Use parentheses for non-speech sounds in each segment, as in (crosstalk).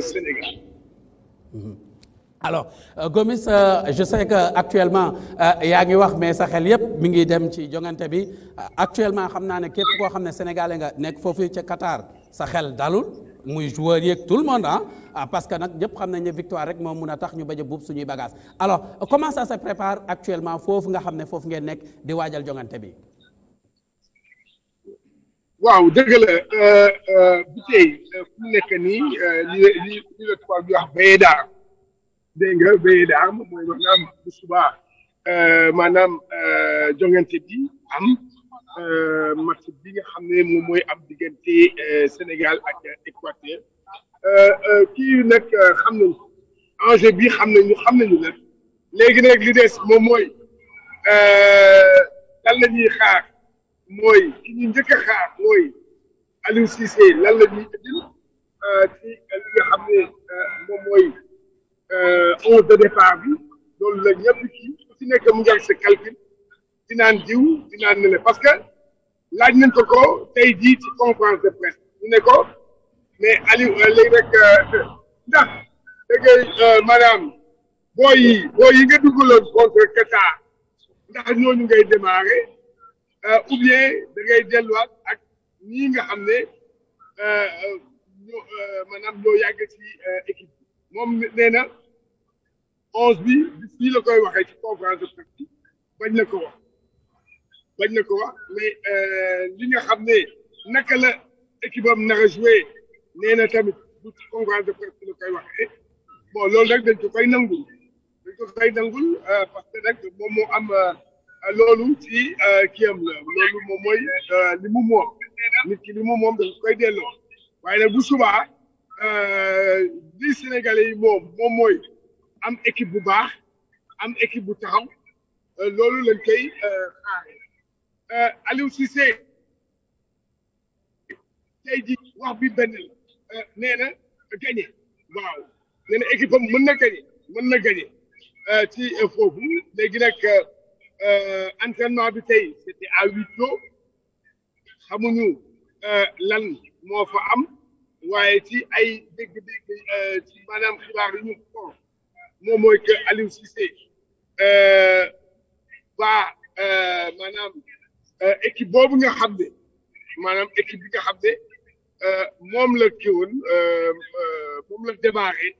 Sénégal. alors euh, Gomis euh, je sais que actuellement euh, yaa ngi wax mais sa xel yëpp mi ngi dem ci jongante bi actuellement xam naa ne képp koo xam ne sénégalais nga nekk foofu ca Qatar sa xel dalul muy joueur yeeg tout le monde ah, ah parce que nag ñëpp xam nañ ne victoire rek moom mun a tax ñu bajo a suñuy bagage alors comment sa se prépare actuellement foofu nga xam ne foofu ngeen nekk di waajal jongante bi. waaw dëgg la euh, euh, bu euh, nekk nii li li li la tubaab bi wax béyee daar dégg nga béyee maanaam bu subaa maanaam jongante am match bi nga xam ne moom mooy am diggante Sénégal ak Équateur kii nag xam nañu enjeu bi xam nañu xam nañu nag léegi nag li des moom mooy lan la ñuy mooy ki ñu njëkk a xaar mooy Aliou Cissé lan la ñuy indil euh, ci li nga xam ne euh, moom mooy euh, onze de départ bi loolu la ñëpp kii ku ci nekk mu ngi ak dinaan diw dinaan nele parce que laaj nañ ko ko tey jii ci conférence de presse ñu ne ko mais Aliou léegi rek ndax da ngay maanaam booy yi booy yi nga dugaloon contre Qatar ndax ñooñu ngay Euh, ou bien da ngay delluwaat ak ñii nga xam ne euh, euh, ñoo maanaam ñoo yàgg ci équipe bi moom nee na onze bi fii la koy waxee ci conférence de presse bi na ko wax bañ na kowa wax mais li nga xam ne naka la équipe am naka joué tamit bu conférence de presse bi la koy waxee bon loolu rek dañ ko koy nangul dañ ko koy nangul parce que moom moo am. loolu ci euh, kiyam la loolu moom mooy euh, li mu moom nit ki li mu moom dafa koy delloo waaye nag bu subaa di euh, Sénégalais yi moom moom mooy am équipe bu baax am équipe bu taxaw loolu lañ kay xaare Aliou Cissé tey ji wax bi benn la nee na gagné waaw nee na équipe mën na gagné mën na gagné ci foofu Euh, entraînement bi tey c'était à huis clos xamuñu euh, lan moo fa am waaye ci ay dégg-dégg euh, ci maanaam xibaar yu moom mooy que Aliou Cissé ba maanaam boobu nga xam ne maanaam équipe bi nga xam ne moom la kii woon moom la démarré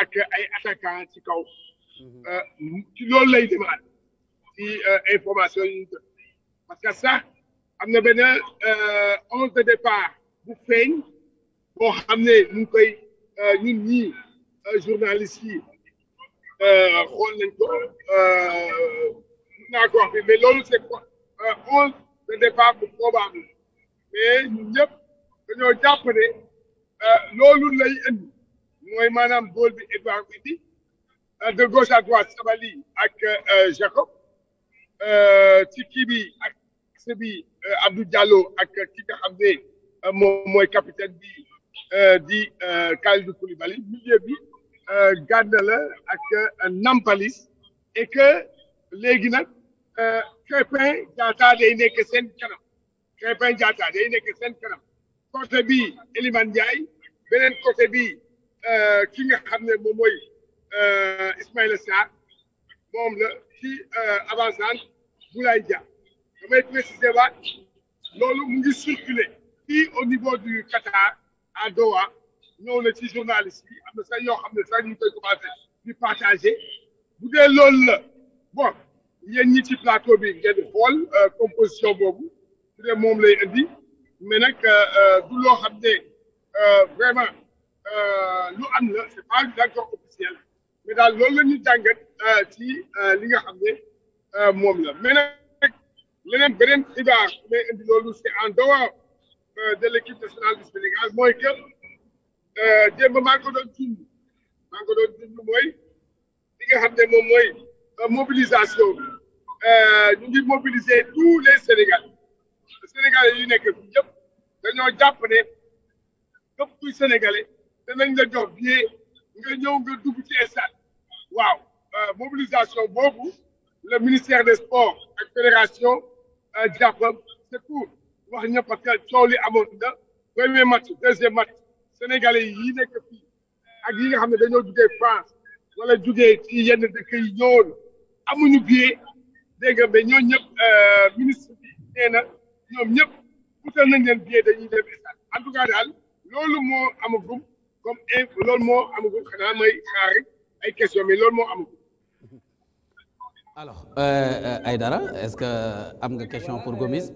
ak ay attaquant ci kaw mhm. ci lay démarré ci euh, information parce que sax am na benn onze euh, de départ bu feeñ boo xam ne ñu ngi koy euh, ñun ñii journalistes yi xool nañ ko mun naa onze de départ bu probable mais ñun ñëpp dañoo jàpp ne loolu lay indi mooy maanaam bool bi épargne bi de gauche à droite Sabali ak Jacob Euh, ci kii bi ak accès bi euh, Abdou ak ki nga xam ne euh, moom mooy capitaine bi di Kalidou Koulibaly milieu bi Gana la ak Nampalys et que léegi nag Krépin Diatta day nekk sen kanam Krépin Diatta day nekk sen kanam côté bi Elimane Ndiaye beneen côté bi ki nga xam ne moom Ismaïla Sarr moom la ci euh, avançant Boulaye Dia damay préciser waat loolu mu ngi circuler fii au niveau du Qatar à Doha ñëw na ci journaliste bi am na sax xam ne sax ñu ngi koy commencé bu dee loolu la bon yéen ñi ci plateau bi ngeen xool euh, composition boobu su dee moom la indi mais nag euh, du loo xam ne vraiment lu am la c'est pas d'accord officiel mais daal la ñu jàngat Euh, ci euh, li nga xam ne euh, moom la mais nag leneen beneen xibaar may indi loolu c' en dehors de l' équipe nationale du Sénégal mooy que démb maa ngi ko doon dund maa ngi mooy li nga xam ne moom mooy mobilisation bi ñu ngi mobiliser tous les Sénégalais Sénégalais yu nekk fii yëpp dañoo jàpp ne képp kuy Sénégalais danañ la jox billet nga ñëw nga dugg ci stade waaw. Euh, mobilisation boobu le ministère des sports ak fédération euh, jàpp c'est wax ñëpp parce que li amoon na premier match deuxième match sénégalais yi nekk fii ak yi nga xam ne dañoo jugee France wala jugee ci yenn dëkk yi ñëwoon amuñu billet dégg nga mais ñoo ñëpp euh, ministre bi nee na ñoom ñëpp utal nañ leen billet dañu dem stade en tout daal loolu moo amagum comme loolu moo amagum xanaa may xaar ay question mais loolu moo amagum. alors euh, euh, dara est-ce que am nga question pour Gomis.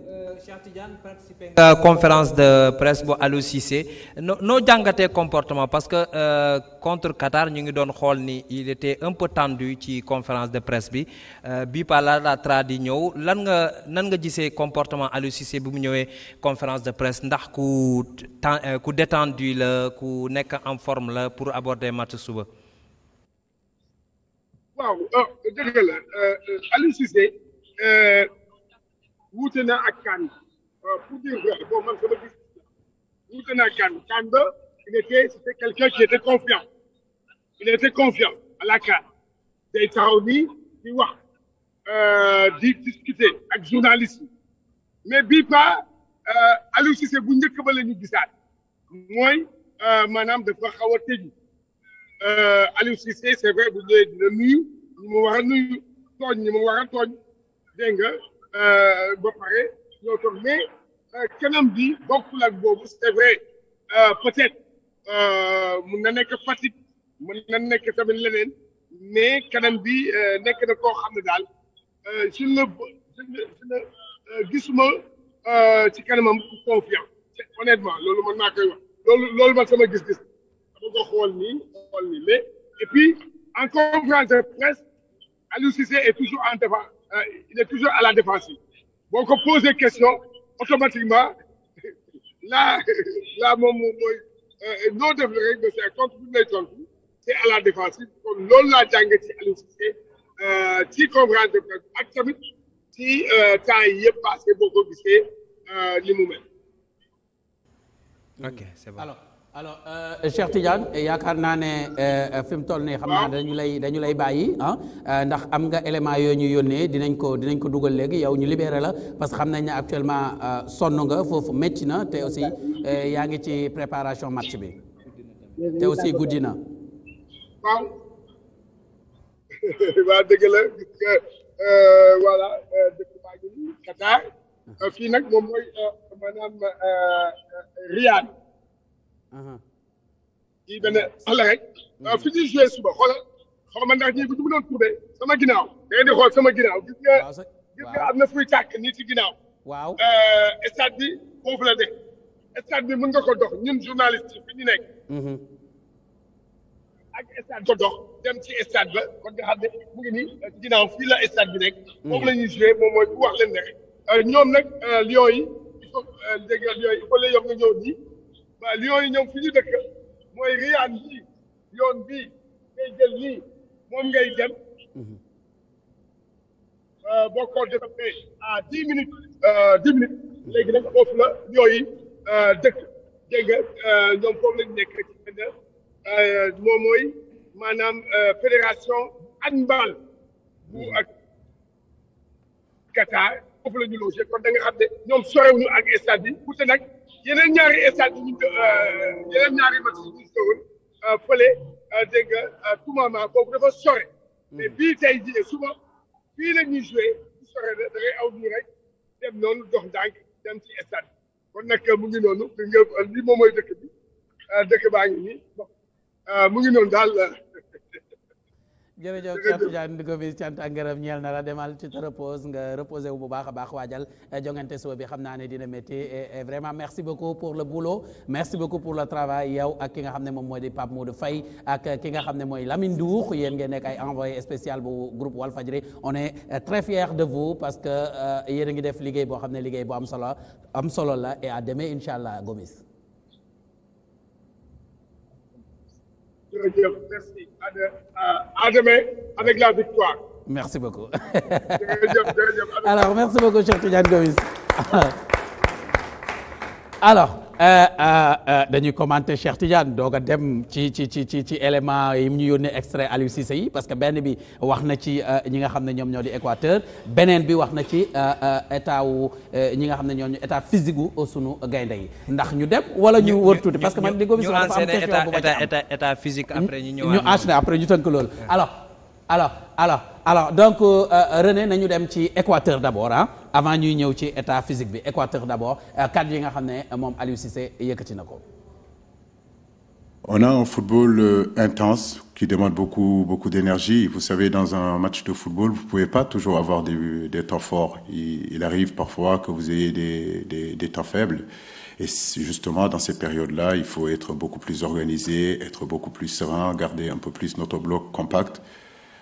Euh, conférence de presse bu Aliou Cissé noo noo jàngatee comportement parce que contre Qatar ñu ngi doon xool ni il était un peu tendu ci conférence de presse bi bii par là la tra di ñëw lan nga nan nga gisee comportement Aliou Cissé bi mu ñëwee conférence de presse ndax ku ku détendu la ku nekk en forme la pour aborder match suba. waaw oh, dëgg la euh, Aliou Cissé euh, wuute na ak Kane euh, pour dire vrai bon man sama gis wuute na ak Kane Kane ba il était c'était quelqu'un qui était confiant il était confiant à la Kane day taxaw di wax di discuter ak journaliste mais bii pas Aliou Cissé bu njëkk bale la gisaat mooy maanaam de xaw Euh, Aliou Cissé c'est vrai bu ñëwee dina nuyu ñu mu war a nuyu tooñ ñu mu war a tooñ dégg nga euh, ba pare ñoo toog mais euh, kanam bi bokkul ak boobu c'est vrai peut-être mun na nekk Fatick mun na nekk tamit leneen mais kanam bi nekk na koo xam ne daal je ne je ne je ne gisuma ci kanamam confiant honnêtement loolu man maa koy wax loolu loolu man sama gis-gis. da nga ko xool nii et puis en conférence de presse Aliou Cissé est toujours en défense euh, il est toujours à la défensive boo ko posé question automatiquement (laughs) là (laughs) là moom mooy euh, noo def la rek mais c'est contre bi lay c'est à la défensive kon loolu laa jàngee ci Aliou Cissé euh, ci conférence de presse ak tamit ci temps yi yëpp passé boo ko gisee li mu mel. ok c'est bon alors. alors euh, Cheikh Tidiane yaakaar naa ne euh, fi mu toll nii xam naa dañu lay dañu lay bàyyi ah euh, ndax am nga élément yoo ñu yónnee dinañ ko dinañ ko dugal léegi yow ñu libéré la parce que xam nañ ne actuellement sonn nga foofu métti na te aussi yaa ngi ci préparation match bi te aussi guddi na. waaw (laughs) la voilà dëkk baa ngi nag moom mooy maanaam kii benn xale rek. Mhm. fi ñuy joué suba xoolal xaw ma ndax ñii bu ñu mënoon tuubee sama ginnaaw. da ngeen di xool sama ginnaaw gis nga. waaw gis nga am na fuy tàkk nii ci ginnaaw. waaw euh, stade bi foofu la de. stade bi mën nga ko dox ñun journaliste yi fi ñu nekk. Mhm. ak stade ko dox dem ci stade ba kon nga xam ne mu ngi nii ci ginnaaw fii la stade bi nekk. Mhm. foofu la ñuy joué moom mooy bu wax leen ne rek. Euh, ñoom nag euh, Lions yi il faut dégg nga Lions yi il faut les yokk nga ñëw nii. waaw lion yi ñoom fi ñu dëkk mooy riyaan yii yoon bii ngay jël nii moom ngay dem euh, boo ko defee à dix minutes euh, dix minutes léegi nag foofu la lion yi euh, dëkk dégg nga ñoom foofu lañ nekk ci benn moom maanaam fédération handball bu ak Qatar foofu la ñu logé kon da xam ne ñoom sorewuñu ak stade bi wute nag yeneen ñaari stade yi ñu euh, yeneen ñaari match yi ñu tëwoon euh, fële euh, dégg nga Toumama kooku dafa sore. Hmm. mais bii tey jii suba fii la ñuy joué sore na aw nii rek dem noonu dox ndànk dem ci stade kon nag mu ngi noonu nga li mooy dëkk bi dëkk baa ngi nii bon mu ngi noonu daal. jërëjëf Cheikh Tidiane Ndingo bi cant ak ñeel na la demal tu te reposes nga reposé wu bu baax a baax waajal eh, jongante suba bi xam naa ne dina métti et eh, eh, vraiment merci beaucoup pour le boulot merci beaucoup pour le travail yow ak ki nga xam ne moom mooy di Pape Modou Faye ak ki nga xam ne mooy Lamine Dour yéen ngeen nekk ay envoyé spécial bu groupe Walfadjri on est très fiers de vous parce que yéen a ngi def liggéey boo xam ne liggéey bu am solo am solo la et à incha allah Gomis jërëjëf merci à demain avec la victoire. merci beaucoup. jërëjëf jërëjëf alors merci beaucoup Cheikh Tidiane Gomis (laughs) alors. Eh, eh, eh, dañuy commenter Cheikh Tidiane doog a dem ci ci ci ci ci élément yi ñu yónnee extrait Aliou Cissé yi parce que benn bi wax na ci ñi nga xam ne ñoom ñoo di Équateur beneen bi wax na ci état wu ñi nga xam ne ñoo ñu état physique wu sunu gaynde yi ndax ñu dem wala ñu wër tuuti parce que man déggoo bi dafa am question bu ma ci am état physique après ñu ñëwaat ñu enchaîné après ñu tënk loolu alo alo alors alors donc euh, euh, René nañu dem ci Équateur d'abord ah avant ñuy ñëw ci état physique bi Équateur d'abord cadre euh, yi nga xam ne moom Aliou Cissé yëkkati na ko. On a un football intense qui demande beaucoup beaucoup d'énergie. Vous savez, dans un match de football, vous pouvez pas toujours avoir des, des temps forts. Il, il arrive parfois que vous ayez des, des, des temps faibles. Et justement, dans ces périodes-là, il faut être beaucoup plus organisé, être beaucoup plus serein, garder un peu plus notre bloc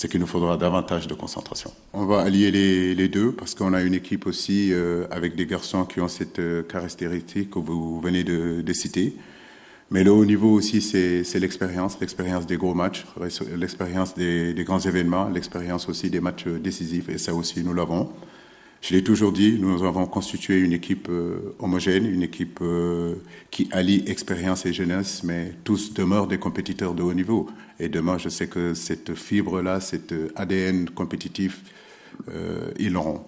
c'est qu'il nous faudra davantage de concentration. On va allier les, les deux parce qu'on a une équipe aussi euh, avec des garçons qui ont cette euh, caractéristique que vous venez de, de citer. Mais le haut niveau aussi, c'est l'expérience, l'expérience des gros matchs, l'expérience des, des grands événements, l'expérience aussi des matchs décisifs, et ça aussi, nous l'avons. Je l'ai toujours dit, nous avons constitué une équipe euh, homogène, une équipe euh, qui allie expérience et jeunesse, mais tous demeurent des compétiteurs de haut niveau. Et demain, je sais que cette fibre-là, cet euh, ADN compétitif, euh, ils l'auront.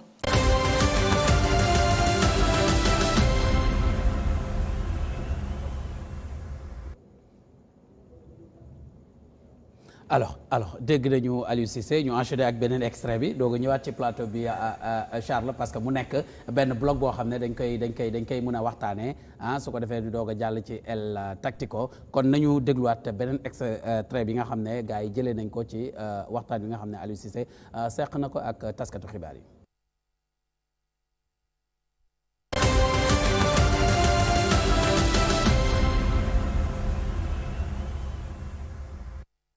alors alors dégg nañu Aliou Cissé ñu enchaîné ak beneen extrait bi doog a ñëwaat ci plateau bi euh, euh, Charles parce que mu nekk benn bloc boo xam ne dañ koy dañ koy dañ koy mën a waxtaanee ah su ko defee ñu doog a jàll ci El Tactico kon nañu dégluwaat beneen extrait euh, bi nga xam ne gars yi jëlee nañ ko ci waxtaan bi nga xam ne Aliou Cissé seq na ko ak taskatu xibaar yi.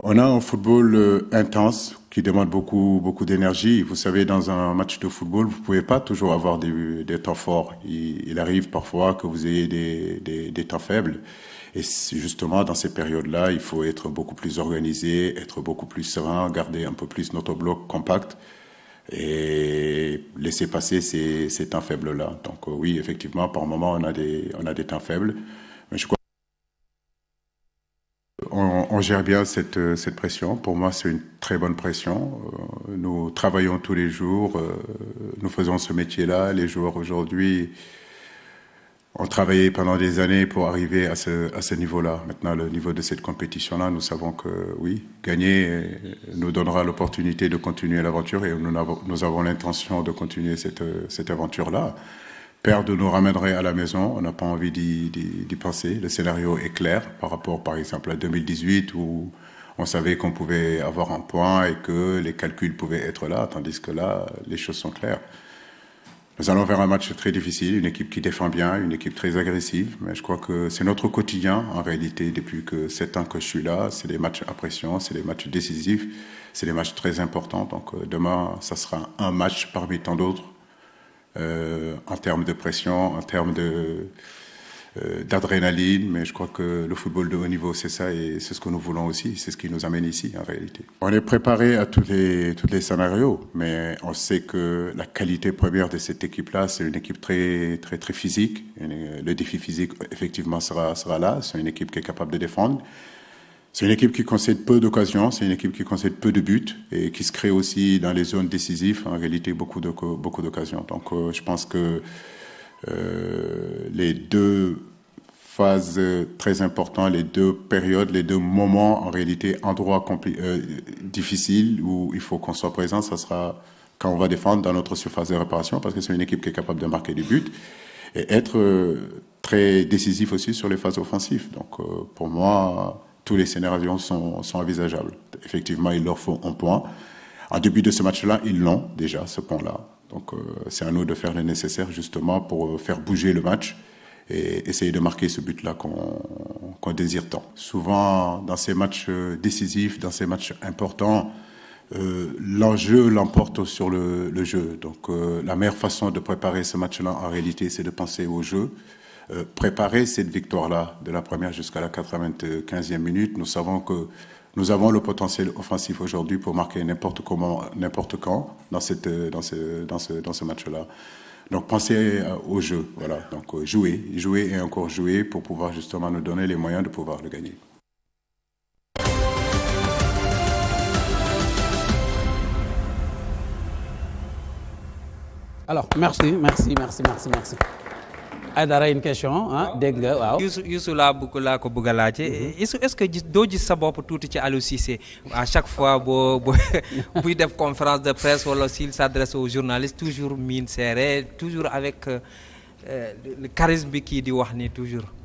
On a un football euh, intense qui demande beaucoup, beaucoup d'énergie. Vous savez, dans un match de football, vous pouvez pas toujours avoir des, des temps forts. Il, il, arrive parfois que vous ayez des, des, des temps faibles. Et justement, dans ces périodes-là, il faut être beaucoup plus organisé, être beaucoup plus serein, garder un peu plus notre bloc compact et laisser passer ces, temps faibles-là. Donc euh, oui, effectivement, par moment, on a des, temps faibles. Mais je gère bien cette, euh, cette pression. Pour moi, c'est une très bonne pression. Euh, nous travaillons tous les jours, euh, nous faisons ce métier-là. Les joueurs aujourd'hui ont travaillé pendant des années pour arriver à ce, à ce niveau-là. Maintenant, le niveau de cette compétition-là, nous savons que oui, gagner nous donnera l'opportunité de continuer l'aventure et nous avons, nous avons l'intention de continuer cette, cette aventure-là. perdre nous ramènerait à la maison. On n'a pas envie d'y penser. Le scénario est clair par rapport, par exemple, à 2018 où on savait qu'on pouvait avoir un point et que les calculs pouvaient être là, tandis que là, les choses sont claires. Nous allons vers un match très difficile, une équipe qui défend bien, une équipe très agressive, mais je crois que c'est notre quotidien en réalité depuis que 7 ans que je suis là. C'est euh, un match parmi tant d'autres Euh, en termes de pression, en termes de euh, d'adrénaline, mais je crois que le football de haut niveau, c'est ça et c'est ce que nous voulons aussi, c'est ce qui nous amène ici en réalité. On est préparé à tous les, tous les scénarios, mais on sait que la qualité première de cette équipe-là, c'est une équipe très, très, très physique. Euh, le défi physique, effectivement, sera, sera là. C'est une équipe qui est capable de défendre. C'est une équipe qui concède peu d'occasions, c'est une équipe qui concède peu de buts et qui se crée aussi dans les zones décisives, en réalité, beaucoup d'occasions. Beaucoup Donc euh, je pense que euh, les deux phases très importantes, les deux périodes, les deux moments, en réalité, endroits euh, difficiles où il faut qu'on soit présent, ça sera quand on va défendre dans notre surface de réparation parce que c'est une équipe qui est capable de marquer des buts et être euh, très décisif aussi sur les phases offensives. Donc euh, pour moi, tous les scénarios sont, sont envisageables. Effectivement, il leur faut un point. En début de ce match-là, ils l'ont déjà, ce point-là. Donc euh, c'est à nous de faire le nécessaire justement pour euh, faire bouger le match et essayer de marquer ce but-là qu'on qu désire tant. Souvent, dans ces matchs euh, décisifs, dans ces matchs importants, euh, l'enjeu l'emporte sur le, le, jeu. Donc euh, la meilleure façon de préparer ce match-là, en réalité, c'est de penser au jeu, Euh, préparer cette victoire-là, la première jusqu'à la 95e minute. Nous savons que nous avons le potentiel offensif aujourd'hui pour marquer n'importe comment, n'importe quand dans, cette, dans au voilà. Donc jouer, euh, jouer et encore jouer pour pouvoir justement nous donner les ay dara une question ah dégg nga waaw. Youssou Youssou laa bëgg laa ko bëgg a laajte mhm. eh, est-ce que gis doo gis sa bopp tuuti ci Aliou Cissé à chaque fois boo boo (laughs) buy def conférence de presse wala s'il s'adresse aux journalistes toujours mine serrée toujours avec euh, euh, le bi kii di wax ni toujours.